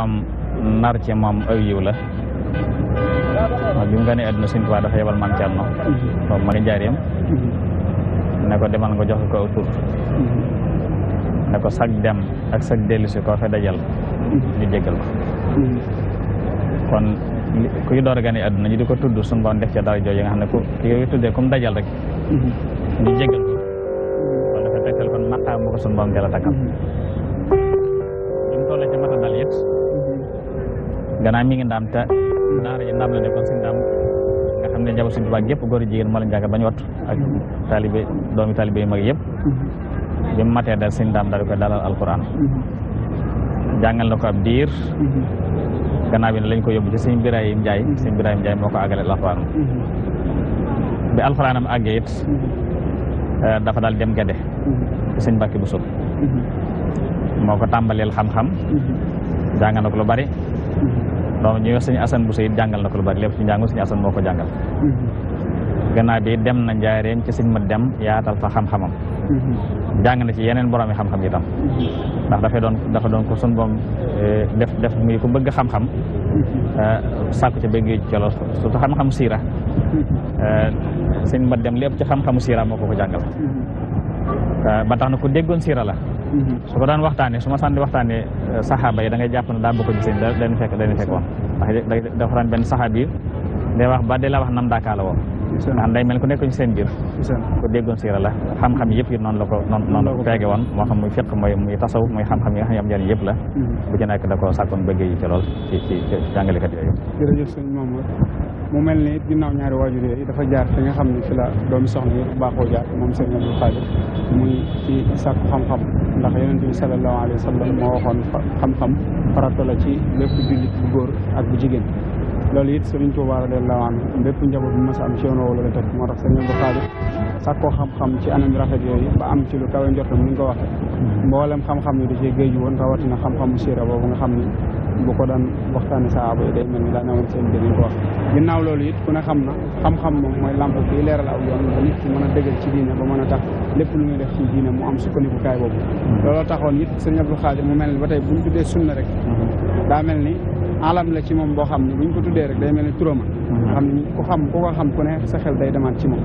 am nar ci mom ay yiw la ndax bi mu gane aduna Sëñ Tuubaa dafa yebal man Cerno boobu mhm. ma ngi jaareem mhm. ne ko demal nga jox ko autour mhm. ne ko sag dem ak sag delu ci ko fa dajal ni jéggal ko kon kuy door gane àdduna ñu di ko tudd suñu borom def ci dara jooju nga xamne ko ki yu tudde kum dajal rek ni jéggal ko wala fa tegtal kon maqaam mo ko sun borom jëla takkal gannaaw mi ngi ndaam te daara ji ndaam la nekkoon si ndaam nga xam ne njaboot suñu tubaab yëpp góor jigéen moo leen jàngal bañ wattu ak taalibé doomi taalibé mag yëpp bi mu dal suñu ndaam daal di dalal alquran jàngal na ko ab diir gannaaw ya, bi ne lañ ko yóbbu ci sëñ Birahim Njaay sëñ Birahim Njaay moo ko àggale alquran bi alquranam àggee it dafa daal dem gedde sëñ Mbàkke xam-xam lu bari donc ñu wax sëñ Assane bu Seyid jangal na lu bari lepp ci jangu sëñ Assane moko jangal jàngal mhm. bi dem na njaareem ci sëñ ma dem yaatal fa xam-xamam mhm. jang na ci yeneen borom yi xam-xam yi tam mhm. ndax dafa doon dafa doon ko sun bom eh, def def muy ku bëgg xam-xam euh sàkku ci bëgg su surtout xam xam sira euh sëñ ma dem lepp ci xam xam sira moko ko jangal eh, ba tax na ko déggoon sira la su ko daan waxtaanee su ma sànni waxtaanee eh, saxaaba yi da ngay jàpp ne daa bokk ci seen dañu fekk dañu fekk dafa daan benn saxaab yi day wax ba de la wax nam daakaala woon nga xam day mel ku nekk ci seen biir ko déggoon siira la xam-xam yëpp noonu la ko noonu la ko feege woon moo xam muy fiq mooy muy tasaw muy xam-xam yi nga xam yam njëriñ yëpp la mm-hmm. yi ni ginnaaw dafa jaar fi nga xam ne fi la doomi soxna yi baaxoo jaar moom sëñ Abdou Khadir muy ci sàkku xam-xam ndax yonent bi sallallahu alayhi wa sallam moo waxoon xam-xam farata la ci lépp jullit bu góor ak bu jigéen loolu it Serigne Touba a anhu bépp njaboot bu mas a am coono wala la tëdd moo tax Serigne Abdou Khadir sàkkoo xam-xam ci anam rafet yooyu ba am ci lu kawe njortam ni nga ko waxee mboolem xam-xam yi da cee géeju woon rawatina xam-xamu siira boobu nga xam ni bu ko daan waxtaane saaba yi day ni daa nawoon seen jëriñ ko loolu it ku xam na xam-xam moom mooy làmp bi leeral aw yoon ba nit a dëgër ci diine ba a tax lépp lu muy def ci diine mu am sukkandikukaay boobu looloo taxoon it Serigne Abdou Khadir mu mel ni ba tey buñ tuddee sunna rek daa mel ni alam la ci moom boo xam ne buñ ko tuddee rek day mel ne turama mhm. xam ku xam ku ko xam ku ne sa xel day demaat ci moom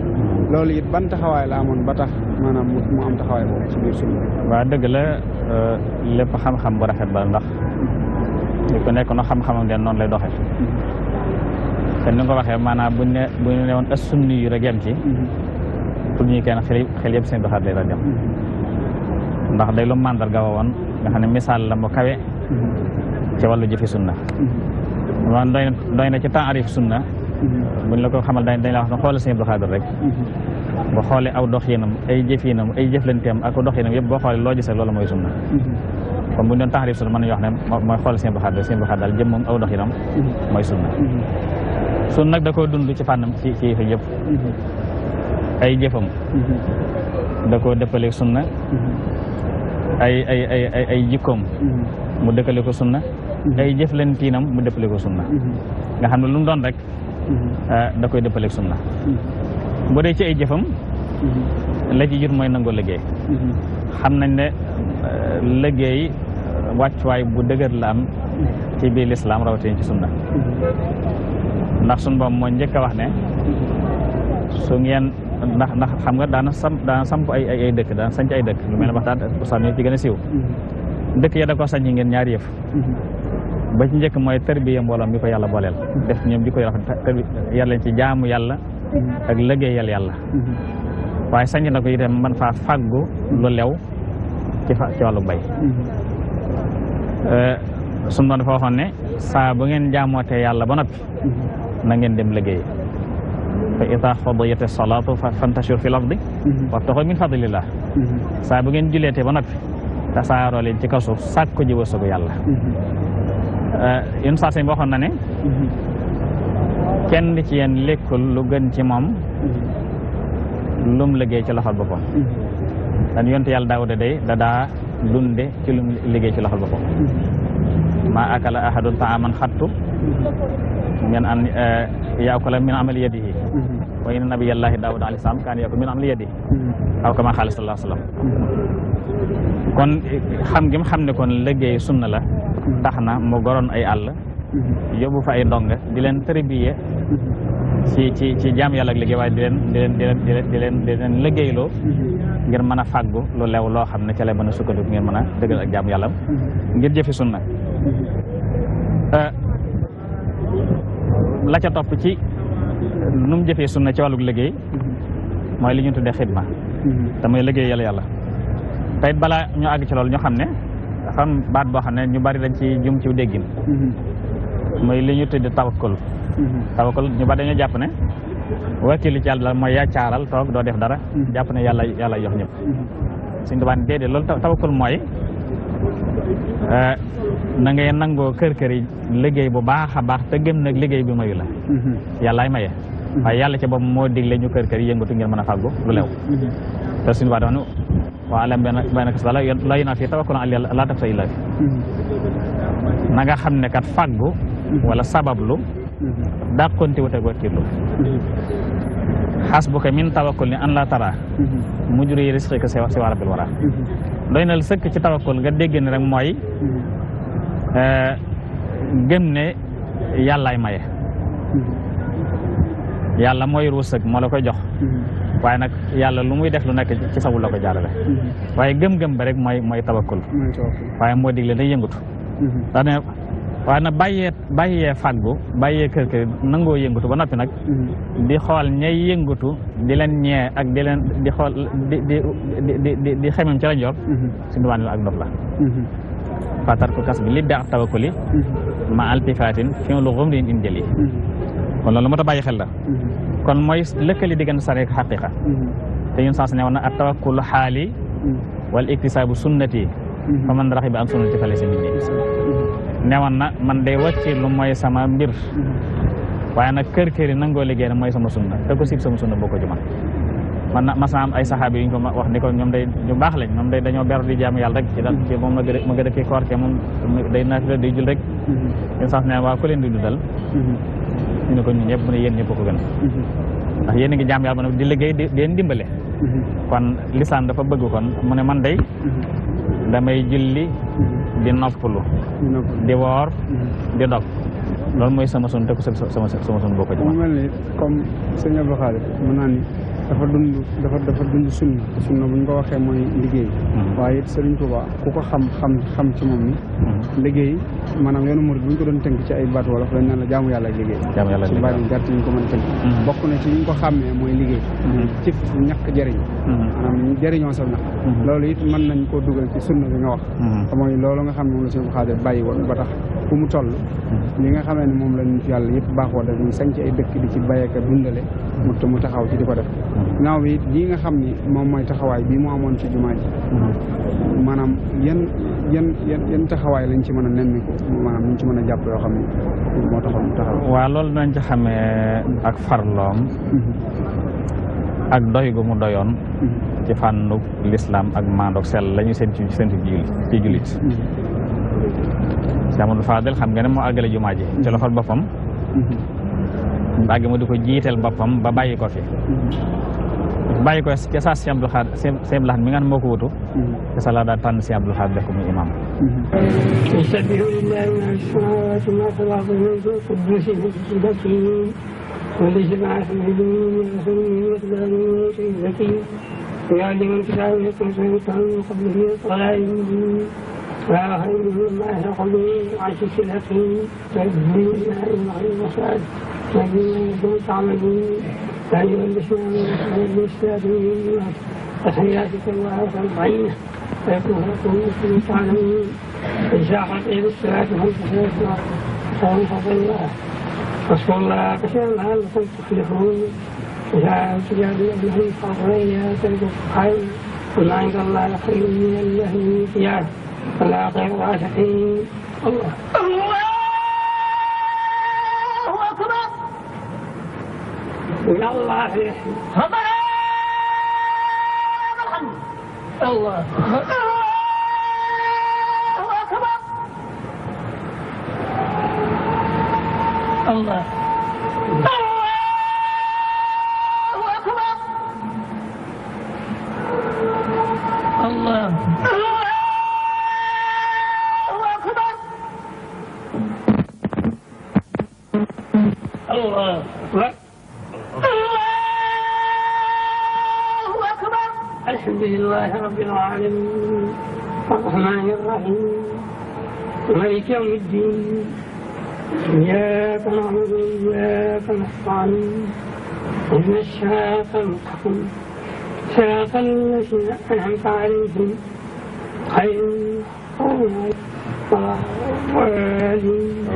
loolu it ban taxawaay la amoon ba tax maanaam mu am taxawaay boobu ci biir suñu waa dëgg la euh, lépp xam-xam bu rafet ba ndax li ko nekk no xam-xamam den noonu lay doxe mhm. te ni nga ko waxee maanaam buñ ne buñ ne woon as sunni yu rek yem ci mhm. pour ñu kenn xel xel yëpp seen doxaat lay doon ndax day lu màndarga woon nga xam ne misaal la mu kawe ci wàllu jëfi sunna mhm. man doy doy na ci taarif sunna mhm. buñ la ko xamal dañ dañ la wax na xoolal sëñ Abdou Khadre rek ba mhm. xoolee aw dox ay jëf ay jëflanteem ak dox yëpp boo xoolee loo gisee loolu mooy sunna comme buñ doon taarif sunna wax ne mooy xoolal daal jëm moom aw dox yéenam mooy sunna sun nag da koo dund ci fànnam ci ci yëf yëpp ay jëfam da koo dëppale sunna ay ay ay ay jikkoom mu dëkkale sunna Mm-hmm. ay jëflantiinam mu dëppale ko sunna mm-hmm. nga xam ne lu mu doon rek mm-hmm. ah, da koy dëppaleeg sunna bu dee ci ay jëfam la ci jut mooy nangoo liggéey xam nañ ne ah, liggéey ah, wàccuwaay bu dëgër la am ci biir lislaam rawatina ci sunna ndax sun boom moo njëkk a wax ne su ngeen ndax ndax xam nga daana sam daana samp ay ay dëkk daana sanc ay dëkk lu mel ne waxtaan ak ustaas yi ci gën a siiw dëkk ya da ko sañc ngeen ñaar yëf ba ci ñëk moy tarbiya mbolam bi ko yàlla booleel def ñom di ko yar yalla ci jaamu yalla ak yalla yalla mm-hmm. waaye sañ na ko itam man fa faggu lu lew ci fa ci bay mm-hmm. euh sun doon fa waxone sa saa bu ngeen jaamote yalla ba noppi mm-hmm. na ngeen dem liggey fa ida as-salatu fa fantashur fi wa wabtaxu min fadlillah sa bu ngeen julete ba noppi tasaaroo len ci kasu sakku ji yalla yun si seen waxoon na ne kenn ci yéen lekkul lu gën ci moom lum liggéey ci loxol boppam dan yonte yàlla daawuda day da daa ci lum liggéey ci loxo boppam maa akala ta taaman xattu min an euh, yaakula min amali yadihi wa inna nabiyallahi daawuda alayhi salaam kaan yaakul min amali yadihi aw kama xaala sallallahu kon xam gi xam ne kon liggéey sunna la tax na mu goroon ay àll mhm. yóbbu fa ay ndonga di leen tërbiye mhm. ci ci ci jaam yàlla ak liggéey waaye di leen di leen di liggéeyloo mhm. ngir mën a fàggu lu lew loo xam ne ca lay mën a sukkandiku ngir mën a dëggal ak jaam yàllam ngir jëfi sunna euh, la ca topp ci nu mu jëfee na ci wàllug liggéey mooy li ñu tuddee xidma te mooy liggéey yàlla yàlla tey balaa ñu àgg ci loolu ñu xam ne dafa am baat boo xam ne ñu bari dañ ci jum ci déggin muy mm-hmm. li ñu tudd tawakkul mm-hmm. tawakkul ñu bari dañoo jàpp ne wakilu ci yàlla mooy yaa caaral toog doo def dara mm-hmm. jàpp ne yàlla yàlla jox ñëpp suñ tubaan déedéet loolu tawakkul mooy euh, na ngay nangoo kër kër yi liggéey bu baax a baax te gëm nag liggéey bi mayu la yàllaay maye waaye yàlla ci boppam moo digle ñu kër kër yi ngeen mën a fàggu lu lew te suñu baa doon waalam benn kas la la yona fii tawakkul ala yàlla laa tafta illaa fi na nga xam ne kat fàggu wala sabablu dàqonte wut ak wakkirlu xas bu ko min tawakkul ni an la tara mujur yi risqi si wax si waa rabbil doy na sëkk ci tawakkul nga dégg ne rek mooy eh, gëm ne yàllaay maye yàlla mooy wërsëg moo la koy jox waaye nag yàlla lu muy def lu nekk ci sawul la ko jaarale mm-hmm. waaye gëm-gëm ba rek mooy mooy tawakkul waaye moo digle day yëngatu mm-hmm. dax ne waaye nag bàyyee bàyyee fàggu bàyyee kër kër nangoo yëngatu ba noppi nag mm-hmm. di xool ñay yëngatu di leen ñee ak di leen di xool di di di di di xemem ci lañ yor suñu ak ndof la fatarku kas bi li baax tawakkuli ma altifaatin fi lu gumrin injali kon loolu mata baye xel la hmm. kon moy lëkkali digan sare ak haqiqa hmm. te ñun sans ne woon at tawakkul hali hmm. wal iktisaabu sunnati fa man an sunnati fa laysa minni newoon na man day lu moy sama mbir waye nak keur keur yi nangoo liggéey na sama sunna te ko sip sama sunna boko juma man na mas naa am ay sahabi yi ñu ko wax ni ko ñom day ñu bax lañ ñom day dañoo beru di jaamu yalla rek ci dal ci moom ma gën a ci koor ci moom day naafila day jul rek ñu sax ne wa ko leen di dundal ñu ne ko ñun ñëpp mu ne yéen a ko gën mhm. ndax yéen a ngi jaam yàlla ba di liggéey di leen dimbale mhm. kon lisaan dafa bëgg kon mu ne man day mhm. damay julli di noppalu di woor mm-hmm. di dog loolu mooy sama sun tëkku sama sama sun bokk ji mu mel ni comme sëñ Abdou Khadre dund dafa dafa dund ko waxee mooy liggéey mm-hmm. waaye it Sëriñ Tuubaa ku ko xam xam xam ci moom ni mm-hmm. liggéey maanaam yoonu murid bu ko doon tënk ci ay baat wolof dañ naan la jaamu yàlla ak liggéey ci baat yi gàtt ñu ko mën bokk na ci ñu ko xàmmee mooy liggéey ci ñàkk jëriñ maanaam jëriñoo sa ñàkk loolu it mën nañ koo dugal ci sunna bi nga wax mooy loolu nga xam ne moom la sëñ Xaadir bàyyi woon ba tax fu mu toll li mm-hmm. nga xamee ne moom la ñu yàlla yëpp baaxoo def ñu sañc ay dëkk di ci bayeka dundale mm-hmm. mu mu taxaw ci di ko def mm-hmm. naaw bi lii nga xam ni moom mooy taxawaay bii mu amoon ci jumaa ji maanaam yan yan yan yan taxawaay lañ ci mën a nemmiku maanaam ñu ci man a jàpp yoo xam ne moo taxaw mu taxaw waaw loolu nañ ci xamee ak farloom ak doy gu mu doyon ci fànnu l'islam ak maandoog sell la ñu seen ci seen ci julit ci amul Fadel xam nga ne mo agale juma ji ci loxol bopam mbàgg mu diko jital bopam ba bayiko fi bayiko ci sa saa Cheikh khad sem Cheikh mi ngan moko wutu ci sala da tan tànn Cheikh khad Khadre ko muy imam يسبح لله ما وبه بعث العلوم وأسلم وأتباعه ويعطيه الزكي ويعلم الكتاب ويقرص ويطهر من قبله الصلاة وآخر منهم ما أثقله عشش الحكيم تبدي إلى إن غير الرشاد تبدي أن يكون تعملون أيها الإسلام والإسلام والإسلام تحياتك وآخر العين فيكون لكم مثل تعلمون إن شاء الله الصلاة والسلام على رسول الله رسول كثيرا هل كنت تفلحون إذا تجادل ابنهم فأغنيا تجد خير قل عند الله خير من الله يا ولا غير عاشقين الله الله أكبر من الله يحيي الله الله الله أكبر الله أكبر الحمد لله رب العالمين الرحمن الرحيم ملك يوم الدين يا نعبد وإياك نستعين اهدنا الصراط المستقيم صراط الذين أنعمت عليهم غير المغضوب عليهم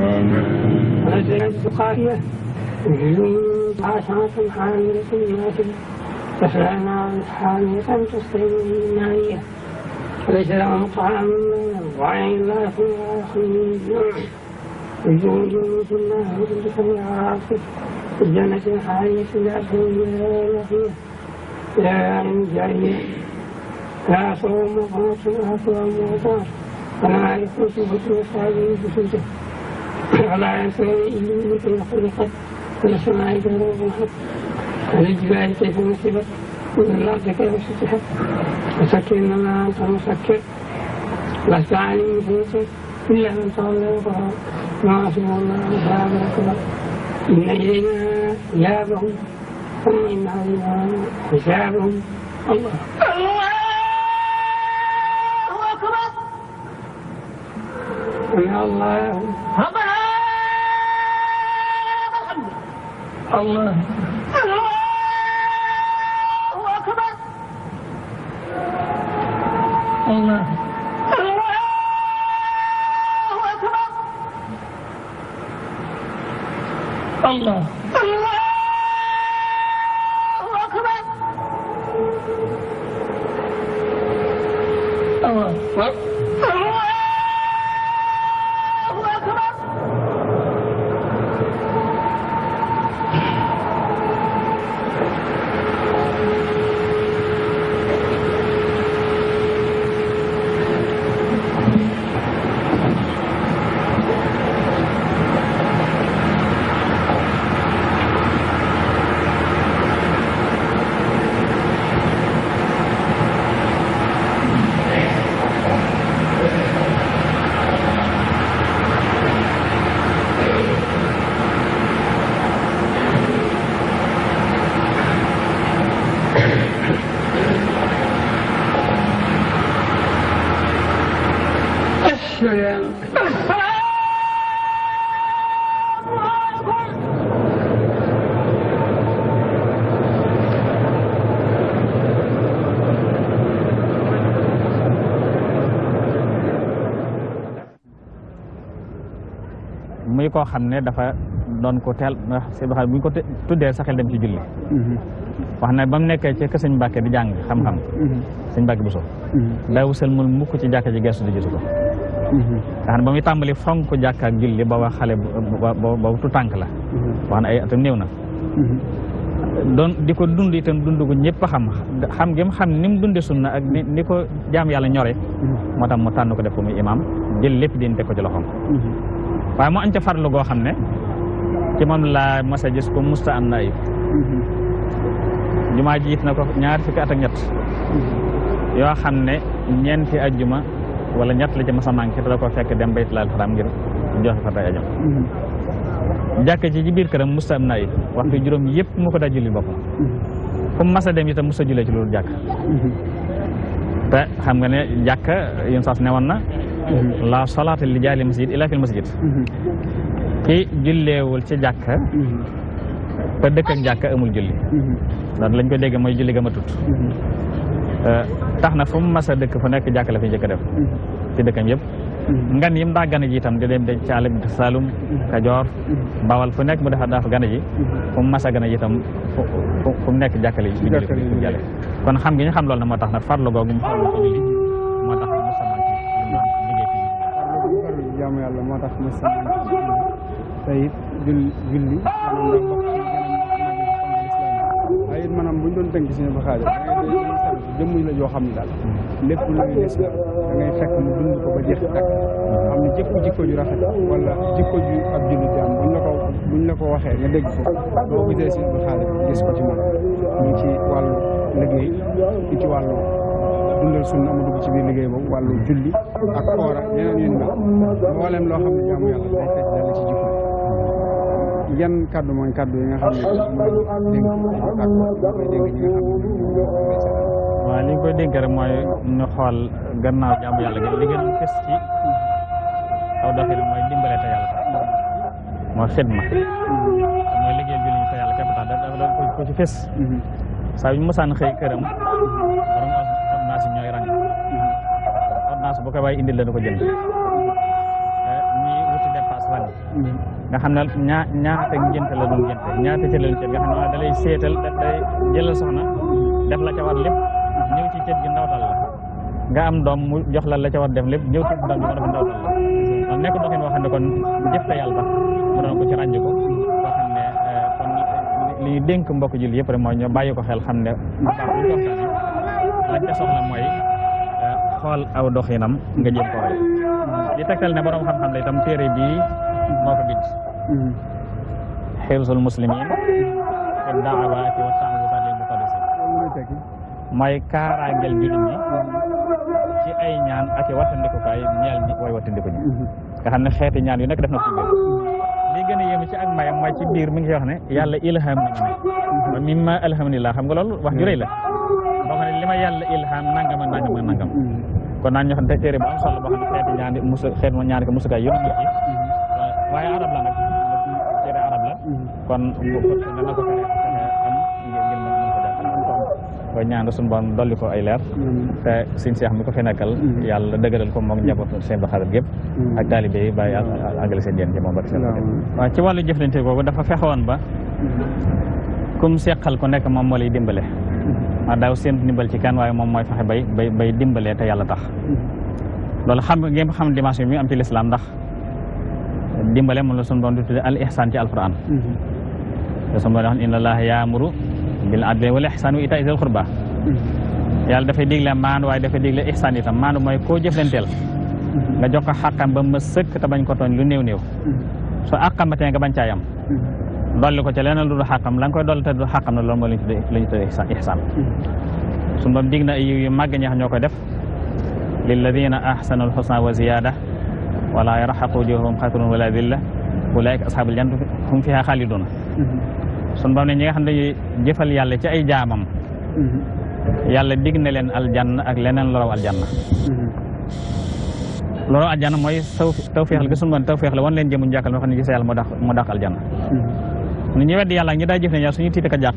ولا الضالين جلود عشرة حاملة الواتر تسلى نارا حامية تسقي من نارية وليس لهم طعام وعين لا فيها خليل يجعل جنة الله عندك العاصف الجنة الحالية لا تنزل يا إنجاني لا صوم وقات ولا صوم وقات ولا يكون في بطن وسعيد بسوته ولا يسعي إلا بطن خلقت والسماء كيف رفعت والجبال كيف نصبت والأرض كيف سطحت وسكر إنما أنت مسكر لست عليم بسوته إلا من تولى وقرأ ناصرنا مباركنا من أجلنا حجابهم ومن علينا حجابهم الله الله أكبر يا الله الله What? muy koo xam ne dafa doon ko teel ndax Sëñ Abdou Khadre bu ñu ko tuddee sa xel dem ci julli mm-hmm. wax na ba mu nekkee ci kër sëñ Mbàkke di jàng xam-xam mm-hmm. sëñ Mbàkke bu so mm-hmm. daawu sëlmul mukk ci jàkka ji gestu di gisu ko nga ba muy tàmbali fonk jàkka ak julli ba waa xale ba tu tànk la wax na ay atam néew na doon di ko dund itam dund ko ñëpp xam xam gi mu xam ni mu dunde sunna ak ni ko jaam yàlla ñore moo tax mu tànn ko def ko imaam jël lépp din teg ko ci loxoom waaye mu am ca farlu goo xam ne ci moom laa mas ko musta am na ayib jumaa ji na ko ñaar fukki at ak ñett yoo xam ne ñeenti ajjuma wala ñett la ci mas a manqué da ko fekk dem bayt laal xaram ngir joxe fa tay ajam jàkk ci ci biir këram musta am na ayib waxtu juróom yëpp mu ko daa julli boppam fu mu dem itam musta jullee ci loolu jàkk te xam nga ne jàkk yén saas ne na la salat li jali masjid ila fil masjid ki julleewul ci jakka ba dekk ak jakka amul julli dan lañ ko dégg moy julli ga ma tut tax na fu ma sa dekk fu nek jakka la fi jëk def ci dekkam yëpp ngan yim da gane ji tam di dem de caalib Saalum Kajoor Bawal fu nek mu defa daa fa gane ji fu ma sa a gane ji tam fu mu nekk jàkkale yi kon xam gi ñu xam lool na mo tax na farlu googu mu moo tax ma seen te it julli julli maanaam dafa doon tënk ba xaajal jëmm la yoo xam ne daal lépp luy des da ngay fekk mu dund ko ba jeex tàkk xam ne jikko ju rafet wala jikko ju ab jullit am buñ la ko buñ la ko waxee nga dégg ko boo gisee suñu ba xaajal gis ko ci moom ñu ci wàllu liggéey ñu ci wàllu dundal sunna amu dug ci bi liggey bo walu julli ak xora ñeneen yeen yu mel lo xamni jamu yalla day tek dal ci jikko yan kaddu mo kaddu yi nga xamni wa waaw li ñu koy rek moy ñu xol gannaaw jamu yalla gi li gën fess ci aw moy dimbalé ta yalla mo yàlla ma moy liggey bi ñu ta yalla képp tax dafa ko ci fës saa yu mosaan xey kërëm ordonnance yi ñooy rang ordonnance bu ko waay indil dana ko jënd eh, ñi wuti dépasse wan nga xam ne ñaa ñaata ngénte la doon ngénte ñaata cër la doon da lay seetal da lay jëlal soxna def la ca war lépp ci cër gi ndawtal la nga am doom mu jox la la ca war def lépp ñëw ci doom bi ma ne kon jëf te yàlla tax mu doon ko ci ràññ ko koo xam ne eh, kon li dénk mbokk julli yëpp rek mooy ñu bàyyi ko xel xam ne la ca soxla mooy eh, xool aw doxinam nga jëm ko roy di tegtal ne borom xam-xam la itam téere bii moo ko bind xirsul muslimin te daawaati wa taawudaati muqaddasin mooy kaaraangel jullit ñi ci ay ñaan ak i wattandikukaay ñeel ñi way wattandiku ñi nga xam ne xeeti ñaan yu nekk def na ko a yéemu ci ak mayam mooy ci biir mi ngi wax ne yàlla ilham na ma ne mimma alhamdulillah xam nga loolu wax ju rëy la lima ma ilham nangam ak nangam nangam kon naa ñu xam bu am solo boo xam ñaani musu ñaani ko musu ci arab la nag arab la kon dana ko fexe am ngir ngir mën ko jàpp koy ñaan suñu borom dolli ko ay leer te sëñ Seex mi ko fi nekkal hmm. yàlla dëgëral ko moom njaboot seen baxarat gépp hmm. ak taalibe yi bàyyi àggale seen yéen ci moom barke seen hmm. ci wàllu jëflante dafa ba kum Nah, daw seen dimbal ci kan waaye mom moy fexe bay bay dimbalé ta yalla tax lolou xam ngeen xam dimension mi am ci l'islam ndax dimbalé mo la sun doon tuddé al ihsan ci alquran te mhm. ya, suñu doon wax inna allaha ya'muru bil adli wal ihsan wa ita'i dhil qurba mhm. ya, fay diglé man maandu da fay diglé ihsan itam man moy ko jëflentel nga mhm. jox ko xakam ba ma sëkk ta bañ ko tooñ lu new new so akamaté nga bañ ca yam dolli ko ci leneen lu dul xàqam la nga koy dolli te du xàqam na loolu moo lañ tuddee ñu tuddee ihsaan suñu borom dig na ay yu màgg ñax ñoo koy def lilladina ahsanu lxusna wa ziyada wala yarxaqu wujuhum xatrun wala dilla ulaika ashabul jant hum fiha xaalidun sun borom ne ñi nga xam ne dañuy jëfal yàlla ci ay jaamam yàlla dig na leen aljann ak leneen lu raw aljanna loolu aljanna mooy taw la gi suñu borom tawféex la wan leen jëmu njàkkal moo xam ne gis yàlla moo dax moo dax aljanna nu ñuy weddi yàlla ngi daa jëf ne ñaar suñu tiit ak a jàq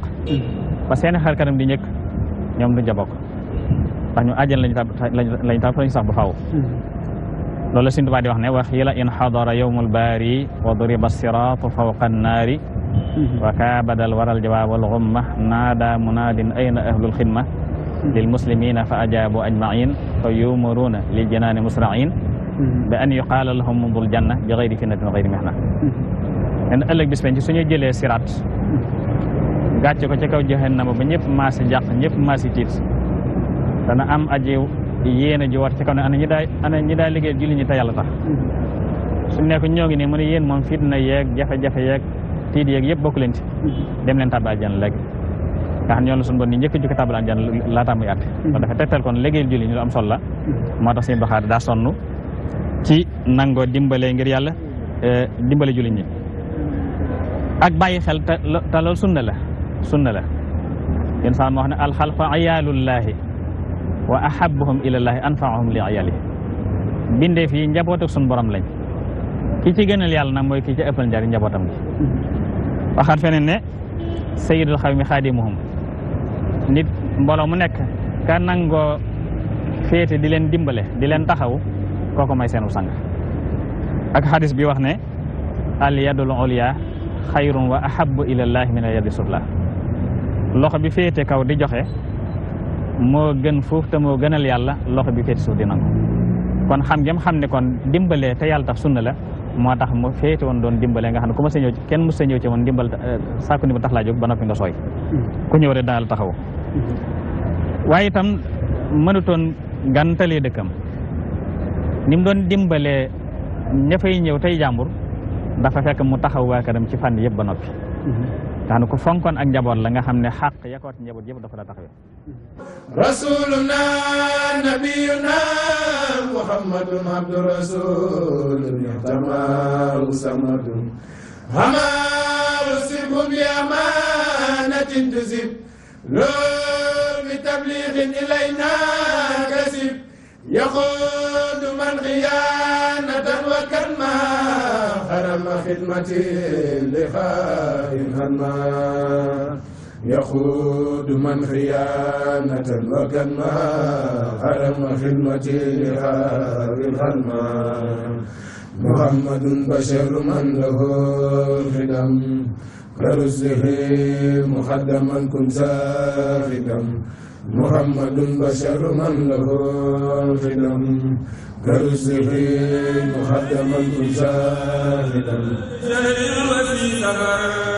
ba seen xar kanam di ñëkk ñoom du jabokk ndax ñu àjjan lañu tàbb lañu tàbb lañu sax ba faaw loolu Sëriñ Tuubaa di wax ne wa xiila in xadara yawmul baari wa duriba siraatu fawqa annaari wa kaabadal waral jawaabul xumma naada munaadin ayna ahlul xidma lil muslimina fa ajaabu ajmain fa yumaruuna lil janaani musrain bi an yuqaala lahum mudul janna bi gayri fitnatin gayri mihna nen ëlëk bis bañ ci suñu jëlé sirat gatché ko ci kaw jahannama ba ñëpp ma si jax ñëpp ma si tiit dana am aji yéena ji war ci kaw ne ana ñi daa ana ñi daa liggéey julli ñi ta yalla tax su nekk ñogi ngi nii mu ne yéen moom fitna yeek jafe-jafe yeek tiit yeek yëpp bokku leen ci dem leen tabal àjjana léegi nga xam ñoo la suñu bon ni njëkk jukki tàbbi àjjana laataa muy yatt mm-hmm. kon dafa tegtal kon liggéey julli ñu am sol la mo tax seen baxaar da sonu ci nango dimbalé ngir yalla yàlla eh, dimbalé julli ñi ak bàyyi xel te te sunna la sunna la insaan wax ne alxalqu ayaalullaahi wa ahabuhum ilallaahi anfaahum li ayaalihi bindeef yi njaboot ak sun borom lañ ki ci gënal yàlla na mooy ki ci ëppal njariñ njabootam gi waxaat feneen ne sayidul xawmi xaadimuhum nit mbooloo mu nekk ka nangoo féete di leen dimbale di leen taxaw kooku may seenu sang ak xadis bi wax ne al yadul xayrun wa ahabu ilallaah min yadi loxo bi féete kaw di joxe moo gën fuuf te moo gënal yàlla loxo bi féete suuf di nangu kon xam ngeen xam ne kon dimbalee te yàlla tax sunna la moo tax mu féete woon doon dimbalee nga xam ne ku ma ci ñëw kenn mu sa ñëw ci moom dimbal eh, sàkku ndimbal tax laa jóg ba noppi nga sooy ku ñëw rek daal taxaw waaye itam mënutoon gantalee dëkkam ni doon dimbalee ña ñëw tey jàmbur dafa fekk mu taxaw waa këram ci fànn yeb ba nopi tax mhm. ko fonkon ak njabot la nga xamne haq yakot njabot yeb dafa la taxawee mhm. rasuluna nabiyuna muhammadun abdu rasul yaxtamaru samadun hama rusibu bi amanatin tusib lo bi tablighin ilayna kasib yaxudu man xiyanatan أيام خدمتي لقاء هما يخود من خيانة وكما حرم خدمتي لقاء هما محمد بشر من له الخدم كرزه مخدما كن ساخدا محمد بشر من له فدا كرسه مخدما شاهدا